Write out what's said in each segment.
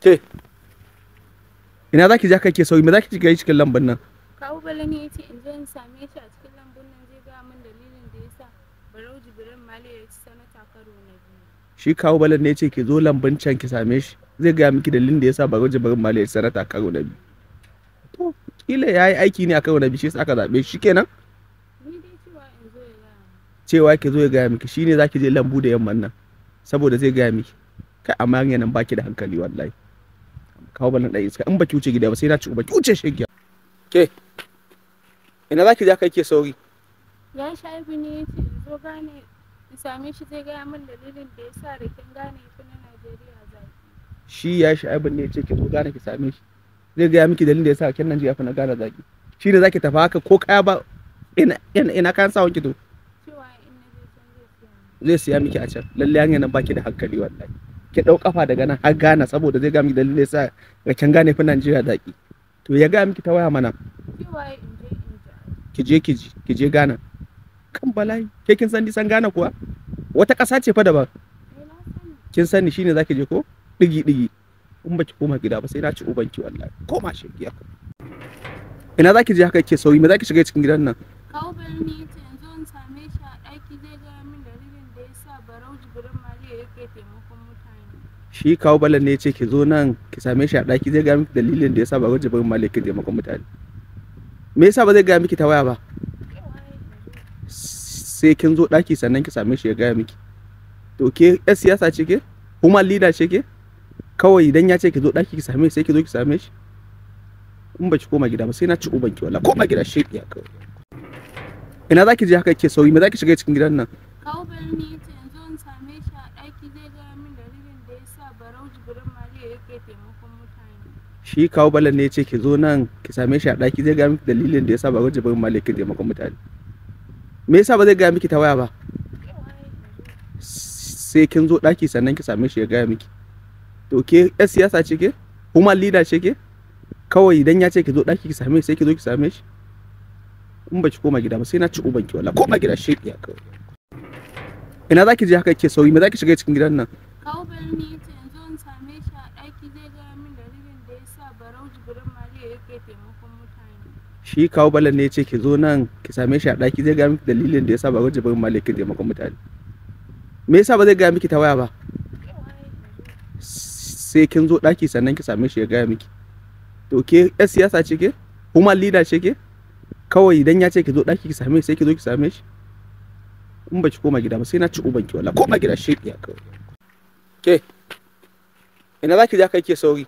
Ke. Ina zaki je kake sauyi me zaki shiga cikin lambun nan? Kawu Bala ne yace in je in same shi a cikin lambun nan zai ga min dalilin da yasa Barau Jibrin mali ya ci sanata karo na biyu. Shi Kawu Bala ne yace ki zo lambun can ki same shi zai ga miki dalilin da yasa Barau Jibrin mali ya ci sanata karo na biyu. To kila yayi aiki ne a karo na biyu shi aka zabe shi kenan. cewa ki zo ya gaya miki shine zaki je lambu da yamman nan saboda zai gaya miki kai amma nan baki da hankali wallahi kawo ballan ɗaya iska in baki wuce gida ba sai na ci baki wuce shi gida. ke ina zaki ja kai ke sauri ya shaibu ne ya ce zo gane in same shi zai gaya min dalilin da ya sa rikin gane ku na najeriya zaki shi ya shaibu ne ya ce ki zo gane ki same shi zai gaya miki dalilin da ya sa rikin najeriya fi na gane zaki shi ne zaki tafi haka ko kaya ba ina kayan sa wanki to zai siya miki a can lallai hanyar nan baki da hankali wallahi ki ɗau kafa daga nan har Ghana saboda zai ga miki dalilin yasa can Ghana fi Najeriya daƙi to ya ga miki ta waya mana ki je ki ji ki je Ghana kan bala'i ke kin san san Ghana kuwa wata ƙasa ce fa daban kin sani shine zaki je ko digi digi in ki koma gida ba sai na ci ubanki wallahi koma shegiya ina zaki je haka ke sauyi me zaki shiga cikin gidan nan kawo same shi a ɗaki zai gaya min dalilin da ya sa barau jibirin maliya yake taimakon mutane shi kawo balan ne ya ce ki zo nan ki same shi a ɗaki zai gaya miki dalilin da ya sa barau jibirin maliya yake taimakon mutane me yasa ba zai gaya miki ta waya ba sai kin zo ɗaki sannan ki same shi ya gaya miki to ke yan siyasa ce ke human leader ce ke kawai idan ya ce ki zo ɗaki ki same shi sai ki zo ki same shi in ba ki koma gida ba sai na ci uban ki wala koma gida shi ya kawai ina zaki je haka ke sauri me zaki shiga cikin gidan nan kawo birni yace yanzu in same shi a daki zai gaya min dalilin da ya sa barau jibrin mariya yake taimakon mutane shi kawo balan ne yace ki zo nan ki same shi a daki zai gaya miki dalilin da ya sa barau jibrin mariya yake taimakon mutane me yasa ba zai gaya miki ta waya ba sai kin zo daki sannan ki same shi ya gaya miki to ke yan siyasa ce ke kuma leader ce ke kawai idan ya ce ki zo daki ki same shi sai ki zo ki same shi in ba ki koma gida ba sai na ci uban ki wallahi koma gida shi ya kawo. ina zaki je haka kike sauyi me zaki shiga cikin gidan nan kawo birni ta yanzu in same shi a ɗaki zai gaya min dalilin da ya sa barau jibirin mariya yake taimakon mutane shi kawo balan ne yace ki zo nan ki same shi a ɗaki zai gaya miki dalilin da ya sa barau jibirin mariya yake taimakon mutane me yasa ba zai gaya miki ta waya ba sai kin zo ɗaki sannan ki same shi ya gaya miki to ke 'yan siyasa ce ke kuma leader ce ke kawai idan ya ce ki zo ɗaki ki same sai ki zo ki same shi in ba ki koma gida ba sai na ci uban ki wala koma gida shi ya kawai ke ina za ki ja kai ke sauri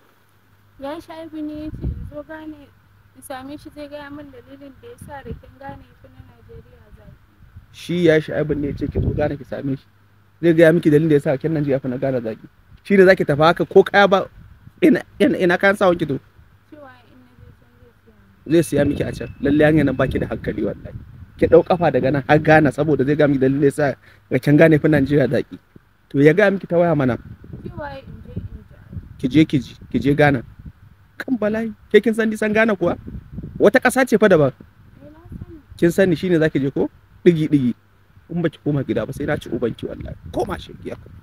ya bi ne ya ce zo gane in same shi zai gaya min dalilin da ya sa rikin gane ki na najeriya zaki. shi ya bi ne ya ki zo gane ki same shi zai gaya miki dalilin da ya sa rikin najeriya fa na gane zaki shi ne zaki ki tafi haka ko kaya ba ina kayan sa wanki to zai siya miki a can lalle an nan baki da hankali wallahi ki dau kafa daga nan har gana saboda zai ga miki dalilin sa ga can gane fi Najeriya daki to ya ga miki ta waya mana ki je ki je ki je Ghana kan bala'i ke kin san san Ghana kuwa wata kasa ce fa daban eh, kin sani shine zaki je ko digi digi in baki koma gida ba sai na ci ubanki wallahi koma shi giya